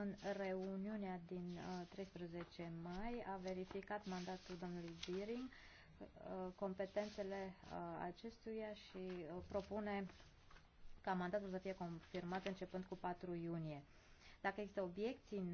în reuniunea din 13 uh, mai a verificat mandatul domnului Biring, uh, competențele uh, acestuia și propune ca mandatul să fie confirmat începând cu 4 iunie. Dacă există obiecții, nu